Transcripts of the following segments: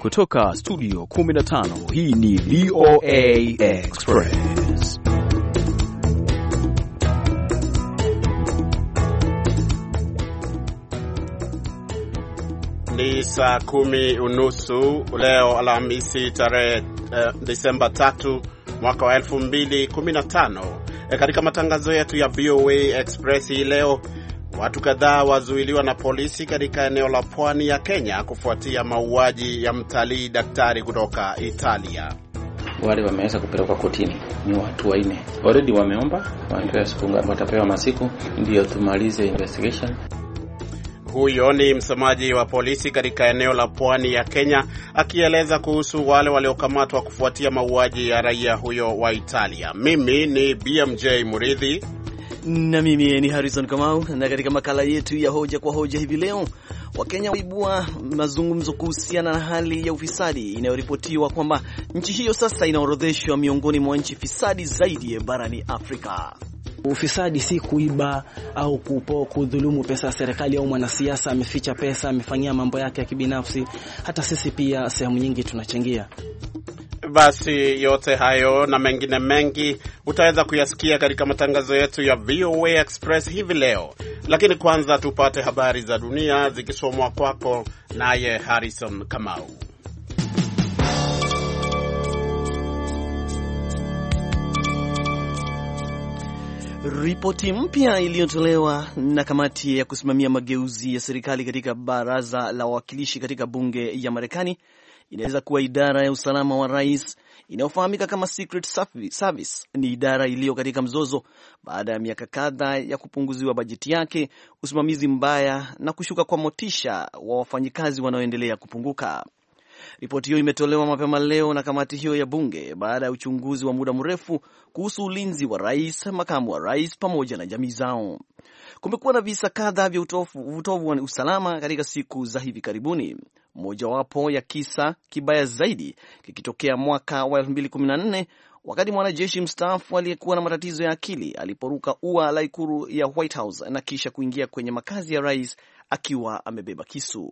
Kutoka studio 15 hii ni VOA Express. Ni saa kumi unusu leo Alhamisi tarehe uh, Disemba 3 mwaka wa 2015. E, eh, katika matangazo yetu ya VOA Express hii leo Watu kadhaa wazuiliwa na polisi katika eneo la pwani ya Kenya kufuatia mauaji ya mtalii daktari kutoka Italia. Wale wameweza kupelekwa kotini ni watu wanne. Already wameomba siku ngapi, watapewa masiku ndiyo tumalize investigation. Huyo ni msemaji wa polisi katika eneo la pwani ya Kenya akieleza kuhusu wale waliokamatwa kufuatia mauaji ya raia huyo wa Italia. Mimi ni BMJ Muridhi na mimi ni Harrison Kamau, na katika makala yetu ya hoja kwa hoja hivi leo, Wakenya waibua mazungumzo kuhusiana na hali ya ufisadi inayoripotiwa kwamba nchi hiyo sasa inaorodheshwa miongoni mwa nchi fisadi zaidi barani Afrika. Ufisadi si kuiba au kupo kudhulumu pesa ya serikali au mwanasiasa ameficha pesa amefanyia mambo yake ya kibinafsi. Hata sisi pia sehemu nyingi tunachangia basi yote hayo na mengine mengi utaweza kuyasikia katika matangazo yetu ya VOA Express hivi leo, lakini kwanza tupate habari za dunia zikisomwa kwako naye Harrison Kamau. Ripoti mpya iliyotolewa na kamati ya kusimamia mageuzi ya serikali katika baraza la wawakilishi katika bunge ya Marekani inaweza kuwa idara ya usalama wa rais inayofahamika kama Secret Service. Ni idara iliyo katika mzozo baada ya miaka kadhaa ya kupunguziwa bajeti yake, usimamizi mbaya na kushuka kwa motisha wa wafanyikazi wanaoendelea kupunguka. Ripoti hiyo imetolewa mapema leo na kamati hiyo ya bunge baada ya uchunguzi wa muda mrefu kuhusu ulinzi wa rais, makamu wa rais pamoja na jamii zao. Kumekuwa na visa kadhaa vya utovu wa usalama katika siku za hivi karibuni, mojawapo ya kisa kibaya zaidi kikitokea mwaka wa 2014 wakati mwanajeshi mstaafu aliyekuwa na matatizo ya akili aliporuka ua la ikulu ya White House na kisha kuingia kwenye makazi ya rais akiwa amebeba kisu.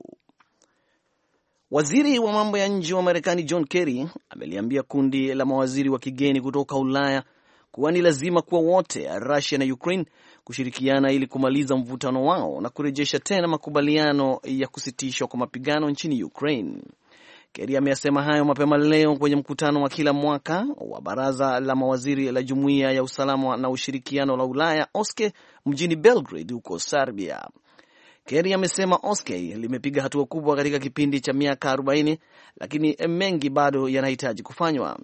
Waziri wa mambo ya nje wa Marekani John Kerry ameliambia kundi la mawaziri wa kigeni kutoka Ulaya kuwa ni lazima kuwa wote Russia na Ukraine kushirikiana ili kumaliza mvutano wao na kurejesha tena makubaliano ya kusitishwa kwa mapigano nchini Ukraine. Kerry ameyasema hayo mapema leo kwenye mkutano wa kila mwaka wa baraza la mawaziri la Jumuiya ya Usalama na Ushirikiano la Ulaya OSCE mjini Belgrade huko Serbia. Kerry amesema Oskey limepiga hatua kubwa katika kipindi cha miaka 40 lakini mengi bado yanahitaji kufanywa.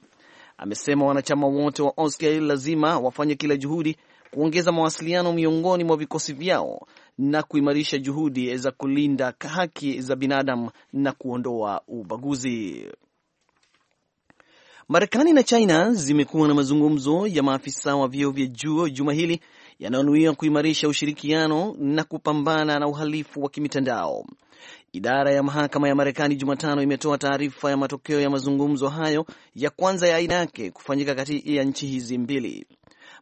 Amesema wanachama wote wa Oskey lazima wafanye kila juhudi kuongeza mawasiliano miongoni mwa vikosi vyao na kuimarisha juhudi za kulinda haki za binadamu na kuondoa ubaguzi. Marekani na China zimekuwa na mazungumzo ya maafisa wa vyeo vya juu juma hili yanayonuia kuimarisha ushirikiano na kupambana na uhalifu wa kimitandao. Idara ya mahakama ya Marekani Jumatano imetoa taarifa ya matokeo ya mazungumzo hayo ya kwanza ya aina yake kufanyika kati ya nchi hizi mbili.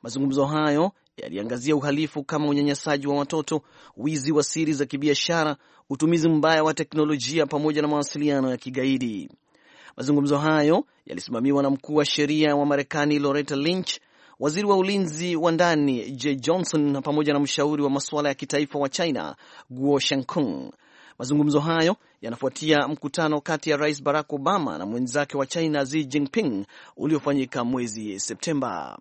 Mazungumzo hayo yaliangazia uhalifu kama unyanyasaji wa watoto, wizi wa siri za kibiashara, utumizi mbaya wa teknolojia pamoja na mawasiliano ya kigaidi. Mazungumzo hayo yalisimamiwa na mkuu wa sheria wa Marekani Loretta Lynch Waziri wa ulinzi wa ndani J Johnson pamoja na mshauri wa masuala ya kitaifa wa China Guo Shankung. Mazungumzo hayo yanafuatia mkutano kati ya Rais Barack Obama na mwenzake wa China Xi Jinping uliofanyika mwezi Septemba.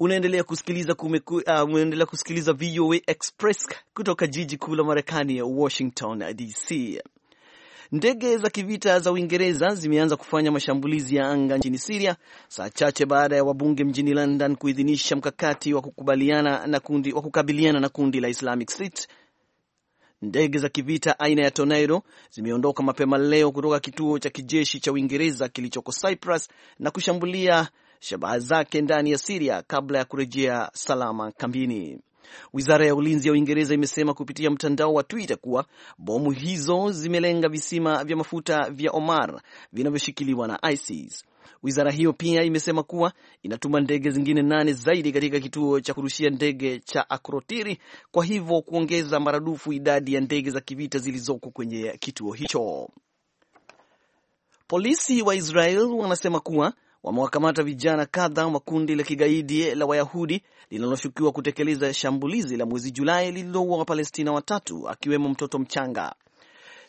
Unaendelea kusikiliza, kumeku, uh, unaendelea kusikiliza VOA Express kutoka jiji kuu la Marekani, Washington DC. Ndege za kivita za Uingereza zimeanza kufanya mashambulizi ya anga nchini Siria saa chache baada ya wabunge mjini London kuidhinisha mkakati wa kukabiliana na kundi, wa kukabiliana na kundi la Islamic State. Ndege za kivita aina ya Tornado zimeondoka mapema leo kutoka kituo cha kijeshi cha Uingereza kilichoko Cyprus na kushambulia shabaha zake ndani ya Siria kabla ya kurejea salama kambini. Wizara ya ulinzi ya Uingereza imesema kupitia mtandao wa Twitter kuwa bomu hizo zimelenga visima vya mafuta vya Omar vinavyoshikiliwa na ISIS. Wizara hiyo pia imesema kuwa inatuma ndege zingine nane zaidi katika kituo cha kurushia ndege cha Akrotiri, kwa hivyo kuongeza maradufu idadi ya ndege za kivita zilizoko kwenye kituo hicho. Polisi wa Israel wanasema kuwa wamewakamata vijana kadha wa kundi la kigaidi la Wayahudi linaloshukiwa kutekeleza shambulizi la mwezi Julai lililoua Wapalestina watatu akiwemo mtoto mchanga.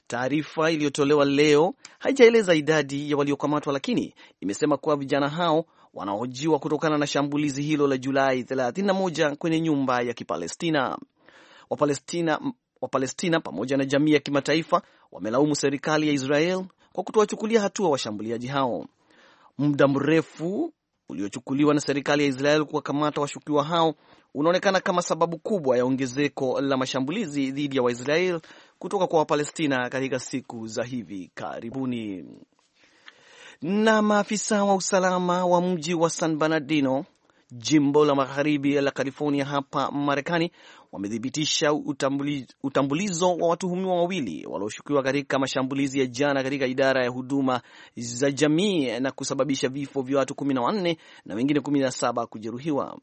Taarifa iliyotolewa leo haijaeleza idadi ya waliokamatwa, lakini imesema kuwa vijana hao wanahojiwa kutokana na shambulizi hilo la Julai 31 kwenye nyumba ya Kipalestina. Wapalestina Wapalestina pamoja na jamii ya kimataifa wamelaumu serikali ya Israel kwa kutowachukulia hatua washambuliaji hao muda mrefu uliochukuliwa na serikali ya Israel kuwakamata washukiwa hao unaonekana kama sababu kubwa ya ongezeko la mashambulizi dhidi ya Waisrael kutoka kwa Wapalestina katika siku za hivi karibuni. Na maafisa wa usalama wa mji wa San Bernardino jimbo la magharibi la California hapa Marekani wamethibitisha utambulizo wa watuhumiwa wawili walioshukiwa katika mashambulizi ya jana katika idara ya huduma za jamii na kusababisha vifo vya watu kumi na wengine saba kujeruhiwa.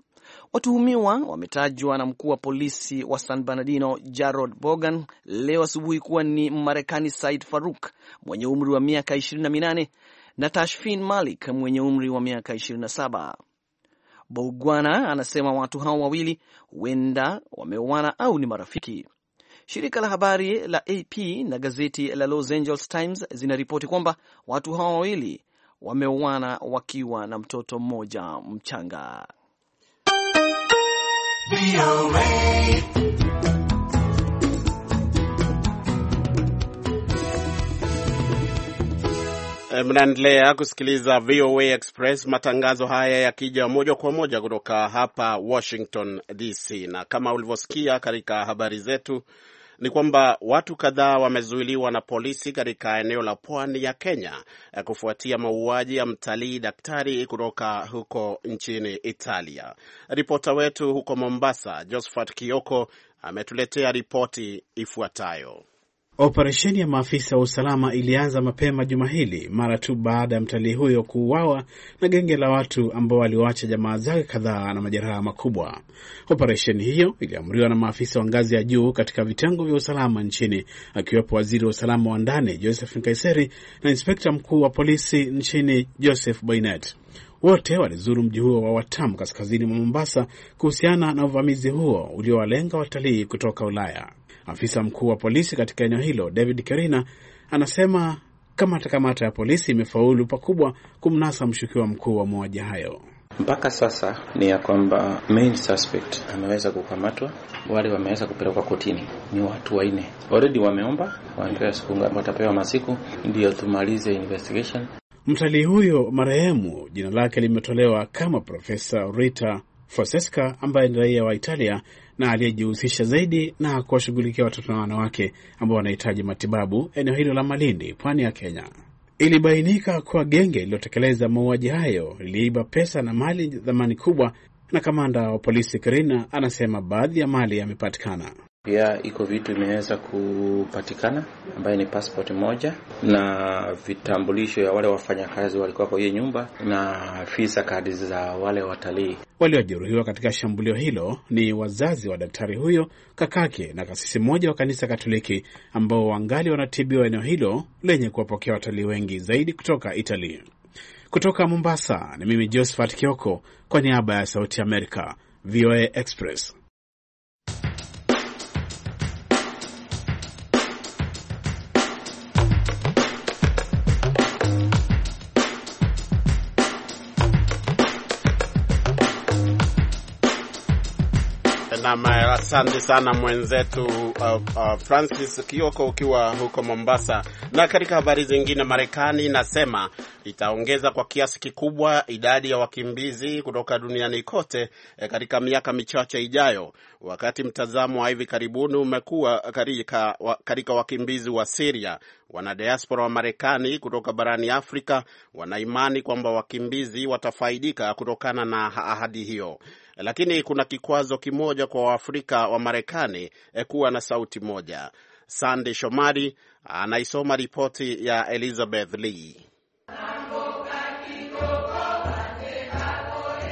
Watuhumiwa wametajwa na mkuu wa polisi wa San Bernardino Jarod Bogan leo asubuhi kuwa ni Marekani Said Faruk mwenye umri wa miaka ishirini na Tashfin Malik mwenye umri wa miaka saba. Bougwana anasema watu hao wawili huenda wameoana au ni marafiki. Shirika la habari la AP na gazeti la Los Angeles Times zinaripoti kwamba watu hao wawili wameoana wakiwa na mtoto mmoja mchanga. Eh, mnaendelea kusikiliza VOA Express, matangazo haya yakija moja kwa moja kutoka hapa Washington DC. Na kama ulivyosikia katika habari zetu, ni kwamba watu kadhaa wamezuiliwa na polisi katika eneo la pwani ya Kenya eh, kufuatia mauaji ya mtalii daktari kutoka huko nchini Italia. Ripota wetu huko Mombasa, Josephat Kioko, ametuletea ripoti ifuatayo. Operesheni ya maafisa wa usalama ilianza mapema juma hili mara tu baada ya mtalii huyo kuuawa na genge la watu ambao waliwacha jamaa zake kadhaa na majeraha makubwa. Operesheni hiyo iliamriwa na maafisa wa ngazi ya juu katika vitengo vya usalama nchini, akiwepo waziri wa usalama wa ndani Joseph Nkaiseri na inspekta mkuu wa polisi nchini Joseph boinet Wote walizuru mji huo wa Watamu kaskazini mwa Mombasa kuhusiana na uvamizi huo uliowalenga watalii kutoka Ulaya. Afisa mkuu wa polisi katika eneo hilo David Kerina anasema kamata kamata ya polisi imefaulu pakubwa kumnasa mshukiwa mkuu wa mauaji hayo. Mpaka sasa ni ya kwamba main suspect ameweza kukamatwa, wale wameweza kupelekwa kotini, ni watu wanne already, wameomba wamepewa siku, watapewa masiku ndiyo tumalize investigation. Mtalii huyo marehemu jina lake limetolewa kama Profesa Rita Francesca ambaye ni raia wa Italia na aliyejihusisha zaidi na kuwashughulikia watoto na wanawake ambao wanahitaji matibabu eneo hilo la Malindi, pwani ya Kenya. Ilibainika kuwa genge lililotekeleza mauaji hayo liliiba pesa na mali thamani kubwa, na kamanda wa polisi Karina anasema baadhi ya mali yamepatikana. Pia iko vitu imeweza kupatikana ambayo ni passport moja na vitambulisho ya wale wafanyakazi walikuwa kwa hiyo nyumba na visa kadi za wale watalii waliojeruhiwa katika shambulio hilo. Ni wazazi wa daktari huyo, kakake na kasisi mmoja wa kanisa Katoliki ambao wangali wanatibiwa eneo hilo lenye kuwapokea watalii wengi zaidi kutoka itali Kutoka Mombasa ni mimi Josephat Kioko kwa niaba ya Sauti Amerika, VOA Express. Nam, asante sana mwenzetu uh, uh, Francis Kioko ukiwa huko Mombasa. Na katika habari zingine, Marekani inasema itaongeza kwa kiasi kikubwa idadi ya wakimbizi kutoka duniani kote eh, katika miaka michache ijayo, wakati mtazamo wa hivi karibuni umekuwa katika wakimbizi wa Siria Wanadiaspora wa Marekani kutoka barani Afrika wanaimani kwamba wakimbizi watafaidika kutokana na ahadi hiyo, lakini kuna kikwazo kimoja kwa Waafrika wa Marekani eh, kuwa na sauti moja. sandey Shomari anaisoma ripoti ya Elizabeth Lee.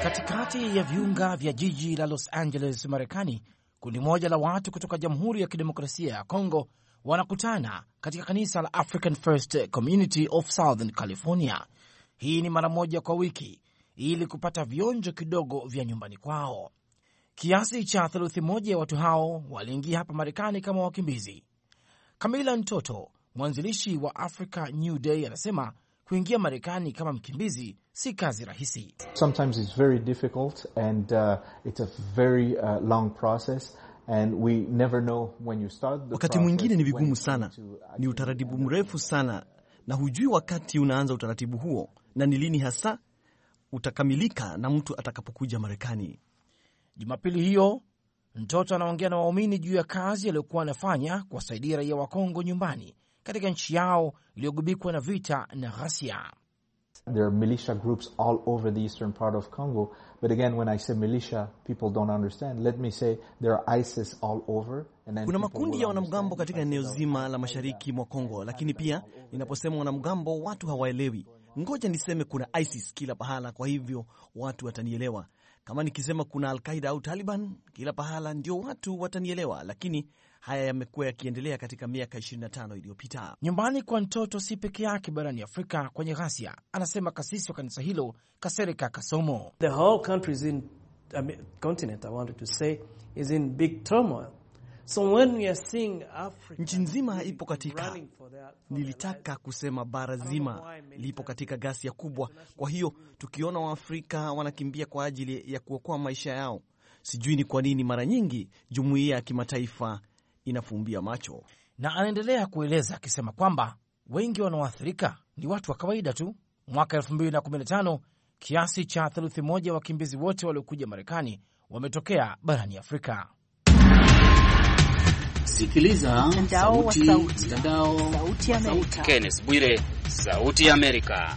Katikati ya viunga vya jiji la Los Angeles, Marekani, kundi moja la watu kutoka Jamhuri ya Kidemokrasia ya Kongo wanakutana katika kanisa la African First Community of Southern California. Hii ni mara moja kwa wiki ili kupata vionjo kidogo vya nyumbani kwao. Kiasi cha theluthi moja ya watu hao waliingia hapa Marekani kama wakimbizi. Kamila Ntoto, mwanzilishi wa Africa New Day, anasema kuingia Marekani kama mkimbizi si kazi rahisi. Sometimes it's very difficult and uh, it's a very uh, long process Wakati mwingine ni vigumu sana, ni utaratibu mrefu sana, na hujui wakati unaanza utaratibu huo na ni lini hasa utakamilika na mtu atakapokuja Marekani. Jumapili hiyo mtoto anaongea na waumini juu ya kazi aliyokuwa anafanya kuwasaidia raia wa Kongo nyumbani katika nchi yao iliyogubikwa na vita na ghasia. There are militia groups all over the eastern part of Congo. But again, when I say militia, people don't understand. Let me say there are ISIS all over. And then kuna makundi ya wanamgambo katika eneo zima la mashariki mwa Kongo, lakini pia ninaposema wanamgambo watu hawaelewi. Ngoja niseme kuna ISIS kila pahala, kwa hivyo watu watanielewa. Kama nikisema kuna Al-Qaida au Taliban kila pahala, ndio watu watanielewa, lakini Haya yamekuwa yakiendelea katika miaka 25 iliyopita. Nyumbani kwa mtoto si peke yake barani Afrika kwenye ghasia, anasema kasisi wa kanisa hilo Kasereka Kasomo. The whole So Africa, nchi nzima ipo katika, nilitaka kusema bara zima lipo katika ghasia kubwa. Kwa hiyo tukiona Waafrika wanakimbia kwa ajili ya kuokoa maisha yao, sijui ni kwa nini mara nyingi jumuiya ya kimataifa inafumbia macho. Na anaendelea kueleza akisema kwamba wengi wanaoathirika ni watu wa kawaida tu. Mwaka 2015 kiasi cha theluthi moja wakimbizi wote waliokuja Marekani wametokea barani Afrika. Sikiliza mtandao wa Sauti, Sauti Amerika. Sauti Amerika.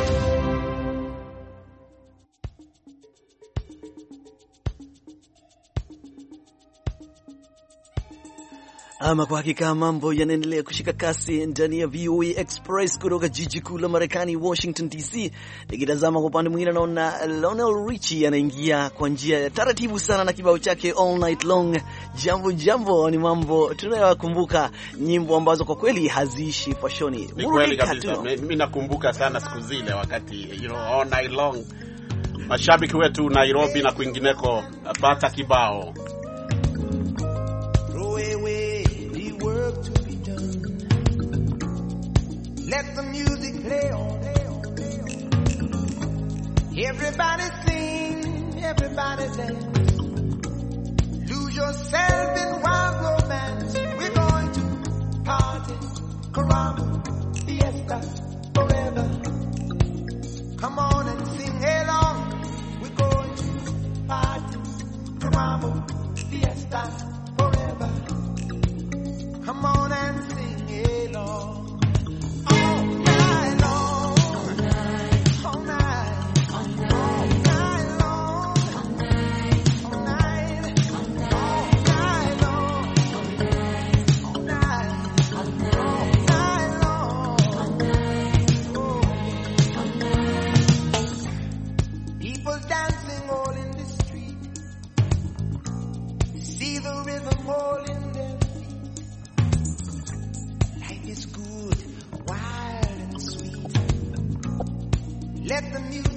Ama kwa hakika mambo yanaendelea kushika kasi ndani ya VOA Express kutoka jiji kuu la Marekani, Washington DC. Nikitazama kwa upande mwingine, naona Lionel Richie anaingia kwa njia ya taratibu sana na kibao chake all night long. Jambo jambo, ni mambo tunayokumbuka, nyimbo ambazo kwa kweli haziishi fashoni Mimi nakumbuka sana siku zile wakati you know, all night long, mashabiki wetu Nairobi na kwingineko, pata kibao Let the music play on. Everybody sing, everybody dance. Lose yourself in wild romance. We're going to party, caramba, fiesta, forever. Come on and sing along. We're going to party, caramba, fiesta, Let the music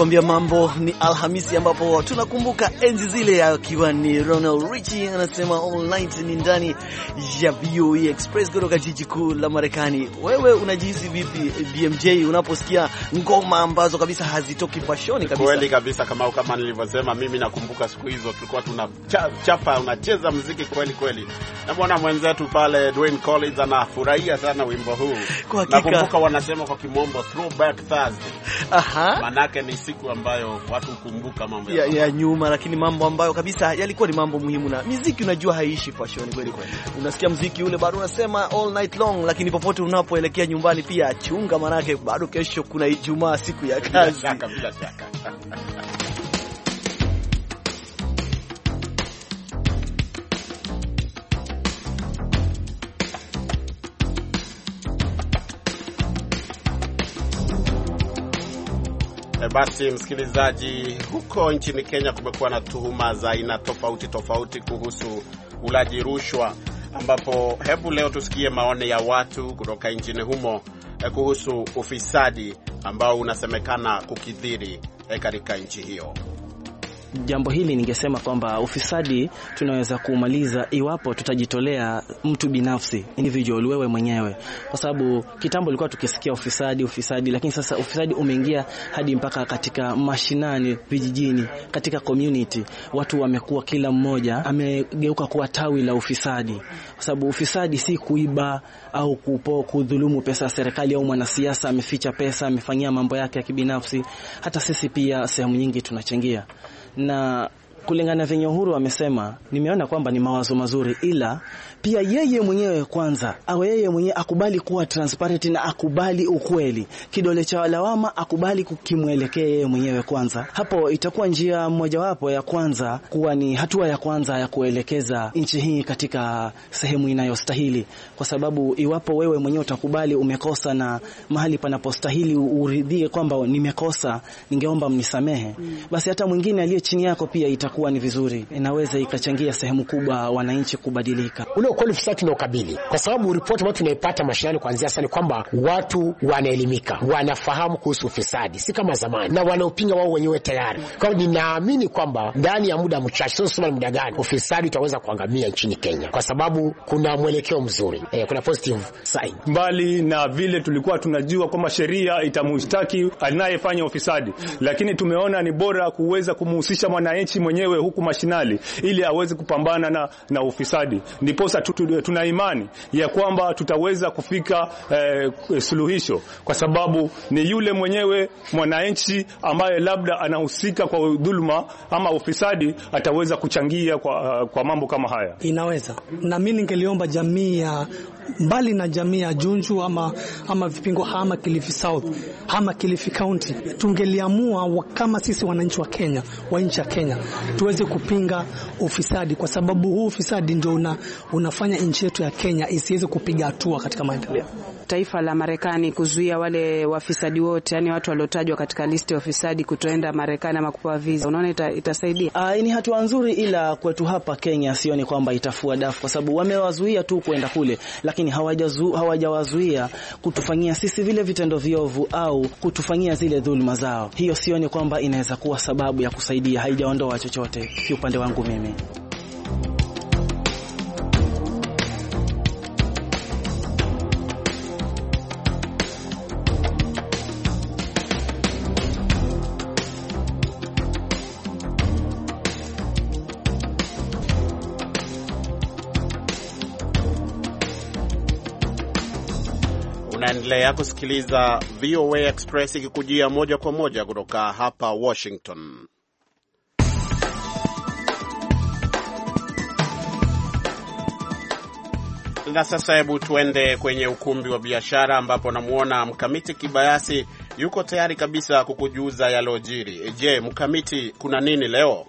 nakwambia mambo ni Alhamisi, ambapo tunakumbuka enzi zile, akiwa ni Ronald Richie anasema all night. Ni ndani ya VOA e Express kutoka jiji kuu la Marekani. Wewe unajihisi vipi BMJ unaposikia ngoma ambazo kabisa hazitoki fashoni kabisa? Kweli kabisa, kama kama nilivyosema, mimi nakumbuka siku hizo tulikuwa chapa unacheza muziki kweli kweli, na mwenzetu pale Dwayne Collins anafurahia sana wimbo huu. Nakumbuka wanasema kwa kimombo throwback Thursday, aha, manake ni siku ambayo watu hukumbuka mambo ya, ya nyuma, lakini mambo ambayo kabisa yalikuwa ni mambo muhimu. Na miziki unajua haiishi fashion kweli kweli, unasikia mziki ule bado unasema all night long, lakini popote unapoelekea nyumbani pia chunga, manake bado kesho kuna Ijumaa, siku ya kazi. Bila shaka, bila shaka. Basi msikilizaji, huko nchini Kenya kumekuwa na tuhuma za aina tofauti tofauti kuhusu ulaji rushwa, ambapo hebu leo tusikie maoni ya watu kutoka nchini humo eh, kuhusu ufisadi ambao unasemekana kukithiri eh, katika nchi hiyo jambo hili ningesema kwamba ufisadi tunaweza kumaliza iwapo tutajitolea mtu binafsi, individual, wewe mwenyewe, kwa sababu kitambo ilikuwa tukisikia ufisadi ufisadi, lakini sasa ufisadi umeingia hadi mpaka katika mashinani, vijijini, katika community. Watu wamekuwa kila mmoja amegeuka kuwa tawi la ufisadi, kwa sababu ufisadi si kuiba au kupo kudhulumu pesa ya serikali au mwanasiasa ameficha pesa, amefanyia mambo yake ya kibinafsi. Hata sisi pia sehemu nyingi tunachangia na kulingana venye Uhuru amesema, nimeona kwamba ni mawazo mazuri, ila pia yeye mwenyewe kwanza awe yeye mwenyewe akubali kuwa transparent na akubali ukweli. Kidole cha lawama akubali kukimwelekea yeye mwenyewe kwanza. Hapo itakuwa njia mojawapo ya kwanza kuwa ni hatua ya kwanza ya kuelekeza nchi hii katika sehemu inayostahili, kwa sababu iwapo wewe mwenyewe utakubali umekosa na mahali panapostahili uridhie kwamba nimekosa, ningeomba mnisamehe, basi hata mwingine aliye chini yako pia itakuwa ni vizuri, inaweza ikachangia sehemu kubwa wananchi kubadilika Ule ule ukweli sasa tunaukabili, kwa sababu ripoti ambayo tunaipata mashinani kuanzia sasa ni kwamba watu wanaelimika, wanafahamu kuhusu ufisadi, si kama zamani, na wanaopinga wao wenyewe tayari. Kwa hiyo ninaamini kwamba ndani ya muda mchache, sio sema muda gani, ufisadi utaweza kuangamia nchini Kenya, kwa sababu kuna mwelekeo mzuri e, kuna positive sign. Mbali na vile tulikuwa tunajua kwamba sheria itamustaki anayefanya ufisadi, lakini tumeona ni bora kuweza kumhusisha mwananchi mwenyewe huku mashinani, ili aweze kupambana na, na ufisadi ndiposa tuna imani ya kwamba tutaweza kufika eh, suluhisho, kwa sababu ni yule mwenyewe mwananchi ambaye labda anahusika kwa dhuluma ama ufisadi ataweza kuchangia kwa, eh, kwa mambo kama haya. Inaweza na mimi ningeliomba jamii ya mbali na jamii ya Junju ama, ama Vipingo ama Kilifi South ama Kilifi County, tungeliamua kama sisi wananchi wa Kenya wa nchi ya Kenya tuweze kupinga ufisadi, kwa sababu huu ufisadi ndio una, una unafanya nchi yetu ya Kenya isiweze kupiga hatua katika maendeleo. Taifa la Marekani kuzuia wale wafisadi wote, yani watu waliotajwa katika listi ya wafisadi kutoenda Marekani ama kupewa visa, unaona ita, itasaidia? Ah, ni hatua nzuri, ila kwetu hapa Kenya sioni kwamba itafua dafu, kwa sababu wamewazuia tu kwenda kule, lakini hawajawazuia kutufanyia sisi vile vitendo viovu au kutufanyia zile dhuluma zao. Hiyo sioni kwamba inaweza kuwa sababu ya kusaidia, haijaondoa chochote kiupande wangu mimi. Unaendelea kusikiliza VOA Express ikikujia moja kwa moja kutoka hapa Washington. Na sasa hebu tuende kwenye ukumbi wa biashara ambapo namwona Mkamiti Kibayasi yuko tayari kabisa kukujuza yalojiri. Je, Mkamiti, kuna nini leo?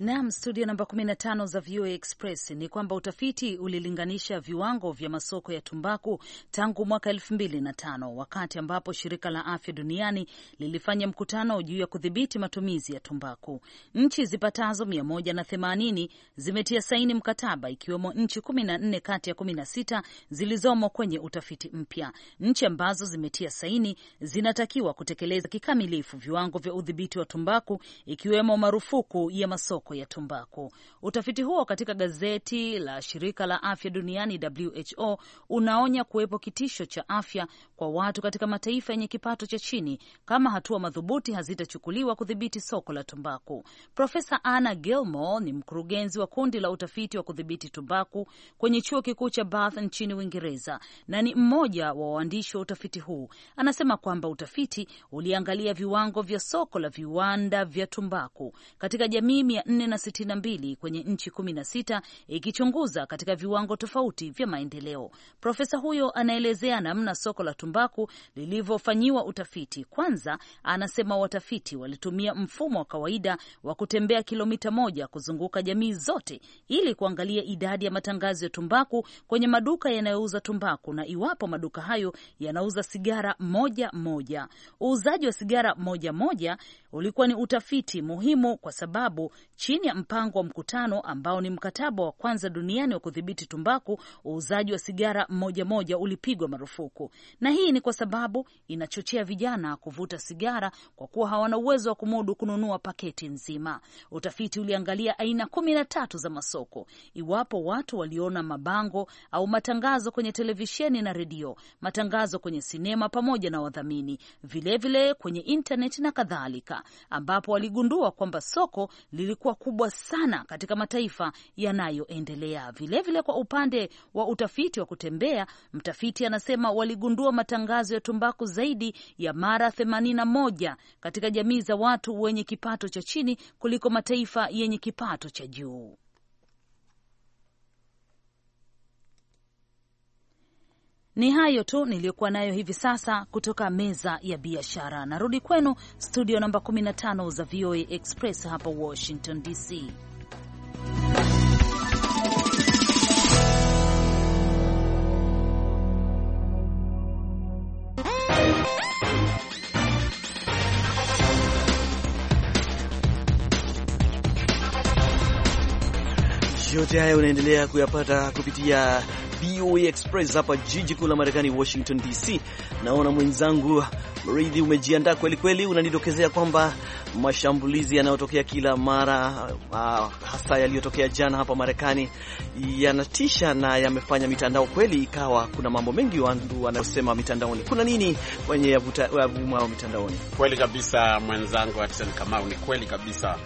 Nam studio namba 15 za VOA Express ni kwamba utafiti ulilinganisha viwango vya masoko ya tumbaku tangu mwaka 25 wakati ambapo shirika la afya duniani lilifanya mkutano juu ya kudhibiti matumizi ya tumbaku. Nchi zipatazo 180 zimetia saini mkataba, ikiwemo nchi 14 kati ya 16 zilizomo kwenye utafiti mpya. Nchi ambazo zimetia saini zinatakiwa kutekeleza kikamilifu viwango vya udhibiti wa tumbaku, ikiwemo marufuku ya masoko masoko ya tumbaku. Utafiti huo katika gazeti la shirika la afya duniani WHO unaonya kuwepo kitisho cha afya kwa watu katika mataifa yenye kipato cha chini kama hatua madhubuti hazitachukuliwa kudhibiti soko la tumbaku. Profesa Anna Gilmore ni mkurugenzi wa kundi la utafiti wa kudhibiti tumbaku kwenye chuo kikuu cha Bath nchini Uingereza na ni mmoja wa waandishi wa utafiti huu. Anasema kwamba utafiti uliangalia viwango vya soko la viwanda vya tumbaku katika jamii mia 462 kwenye nchi 16 ikichunguza katika viwango tofauti vya maendeleo. Profesa huyo anaelezea namna soko la tumbaku lilivyofanyiwa utafiti. Kwanza anasema watafiti walitumia mfumo wa kawaida wa kutembea kilomita moja kuzunguka jamii zote ili kuangalia idadi ya matangazo ya tumbaku kwenye maduka yanayouza tumbaku na iwapo maduka hayo yanauza sigara moja moja. Uuzaji wa sigara moja moja ulikuwa ni utafiti muhimu kwa sababu chini ya mpango wa mkutano ambao ni mkataba wa kwanza duniani wa kudhibiti tumbaku, uuzaji wa sigara moja moja ulipigwa marufuku, na hii ni kwa sababu inachochea vijana kuvuta sigara kwa kuwa hawana uwezo wa kumudu kununua paketi nzima. Utafiti uliangalia aina kumi na tatu za masoko, iwapo watu waliona mabango au matangazo kwenye televisheni na redio, matangazo kwenye sinema pamoja na wadhamini, vilevile vile kwenye intaneti na kadhalika ambapo waligundua kwamba soko lilikuwa kubwa sana katika mataifa yanayoendelea. Vilevile, kwa upande wa utafiti wa kutembea, mtafiti anasema waligundua matangazo ya tumbaku zaidi ya mara 81 katika jamii za watu wenye kipato cha chini kuliko mataifa yenye kipato cha juu. Ni hayo tu niliyokuwa nayo hivi sasa kutoka meza ya biashara. Narudi kwenu studio namba 15 za VOA Express hapa Washington DC. Yote haya unaendelea kuyapata kupitia VOA Express hapa jiji kuu la Marekani, Washington DC. Naona mwenzangu Mridhi, umejiandaa kweli kweli, unanidokezea kwamba mashambulizi yanayotokea kila mara uh, hasa yaliyotokea jana hapa Marekani yanatisha na yamefanya mitandao kweli ikawa kuna mambo mengi watu wanayosema mitandaoni. Kuna nini kwenye yavumao mitandaoni? Kweli kabisa mwenzangu Aksel Kamau, ni kweli kabisa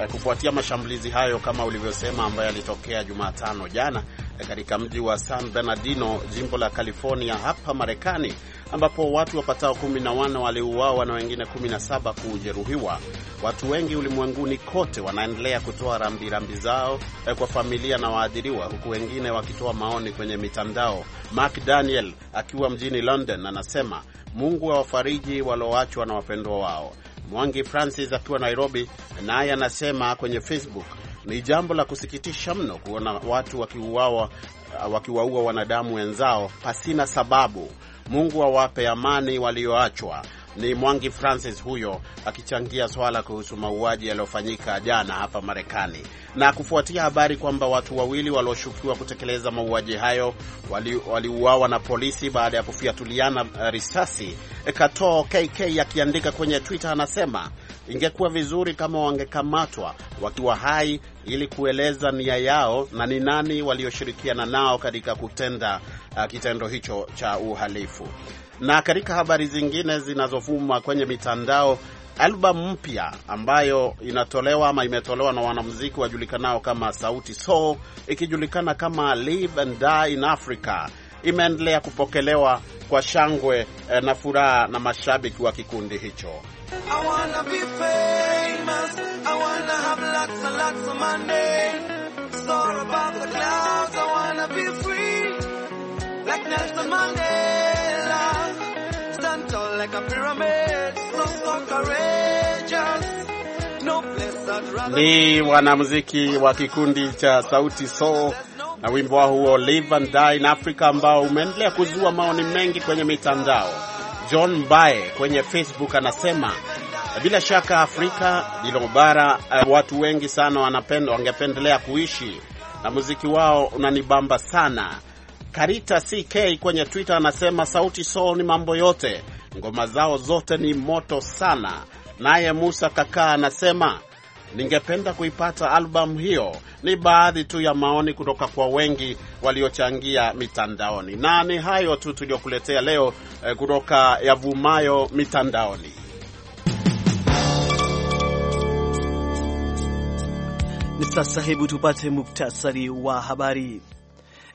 eh, kufuatia mashambulizi hayo kama ulivyosema, ambayo yalitokea Jumatano jana katika mji wa San Bernardino, jimbo la California hapa Marekani, ambapo watu wapatao 14 waliuawa na wengine 17 kujeruhiwa. Watu wengi ulimwenguni kote wanaendelea kutoa rambirambi zao eh, kwa familia na waadhiriwa, huku wengine wakitoa maoni kwenye mitandao. Mark Daniel akiwa mjini London anasema Mungu awafariji wa walioachwa na wapendwa wao. Mwangi Francis akiwa Nairobi naye anasema kwenye Facebook, ni jambo la kusikitisha mno kuona watu wakiuawa, wakiwaua wanadamu wenzao pasina sababu. Mungu awape wa amani walioachwa. Ni Mwangi Francis huyo akichangia swala kuhusu mauaji yaliyofanyika jana hapa Marekani. Na kufuatia habari kwamba watu wawili walioshukiwa kutekeleza mauaji hayo waliuawa wali na polisi baada ya kufiatuliana risasi, Kato KK akiandika kwenye Twitter anasema Ingekuwa vizuri kama wangekamatwa wakiwa hai ili kueleza nia yao na ni nani walioshirikiana nao katika kutenda uh, kitendo hicho cha uhalifu. Na katika habari zingine zinazovuma kwenye mitandao albamu mpya ambayo inatolewa ama imetolewa na wanamuziki wajulikanao kama Sauti Sol ikijulikana kama Live and Die in Africa imeendelea kupokelewa kwa shangwe eh, na furaha na mashabiki wa kikundi hicho. I wanna be famous. I wanna have lots and lots of money. Soar above the clouds. I wanna be free, like Nelson Mandela. Stand tall like a pyramid. So so courageous. No place I'd rather. Ni wanamuziki wa kikundi cha Sauti Sol na wimbo wao huo Live and Die in Africa ambao umeendelea kuzua maoni mengi kwenye mitandao. John Mbae kwenye Facebook anasema bila shaka Afrika ndilo bara uh, watu wengi sana wanapenda, wangependelea kuishi na muziki wao unanibamba sana. Karita CK kwenye Twitter anasema Sauti Sol ni mambo yote, ngoma zao zote ni moto sana. Naye Musa Kakaa anasema ningependa kuipata albamu hiyo. Ni baadhi tu ya maoni kutoka kwa wengi waliochangia mitandaoni, na ni hayo tu tuliyokuletea leo eh, kutoka yavumayo mitandaoni. Ni sasa, hebu tupate muktasari wa habari.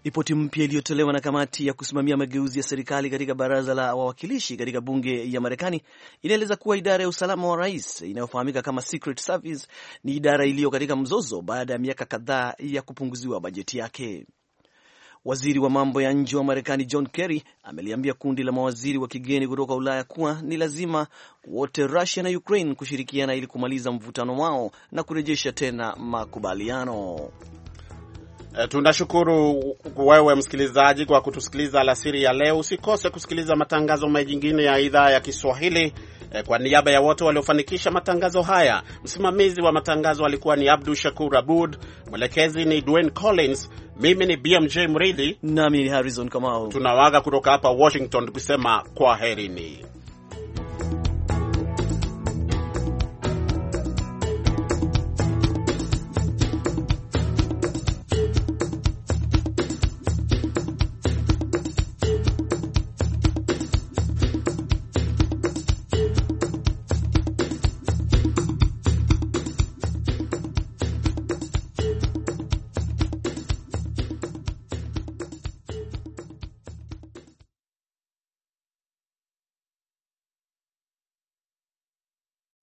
Ripoti mpya iliyotolewa na kamati ya kusimamia mageuzi ya serikali katika baraza la wawakilishi katika bunge ya Marekani inaeleza kuwa idara ya usalama wa rais inayofahamika kama Secret Service ni idara iliyo katika mzozo baada ya miaka kadhaa ya kupunguziwa bajeti yake. Waziri wa mambo ya nje wa Marekani John Kerry ameliambia kundi la mawaziri wa kigeni kutoka Ulaya kuwa ni lazima wote Russia na Ukraine kushirikiana ili kumaliza mvutano wao na kurejesha tena makubaliano. Eh, tunashukuru wewe msikilizaji kwa kutusikiliza alasiri ya leo. Usikose kusikiliza matangazo mengine ya idhaa ya Kiswahili. Eh, kwa niaba ya wote waliofanikisha matangazo haya, msimamizi wa matangazo alikuwa ni Abdu Shakur Abud, mwelekezi ni Dwayne Collins, mimi ni BMJ Mridhi nami ni Harrison Kamau. Tunawaga kutoka hapa Washington tukisema kwaherini.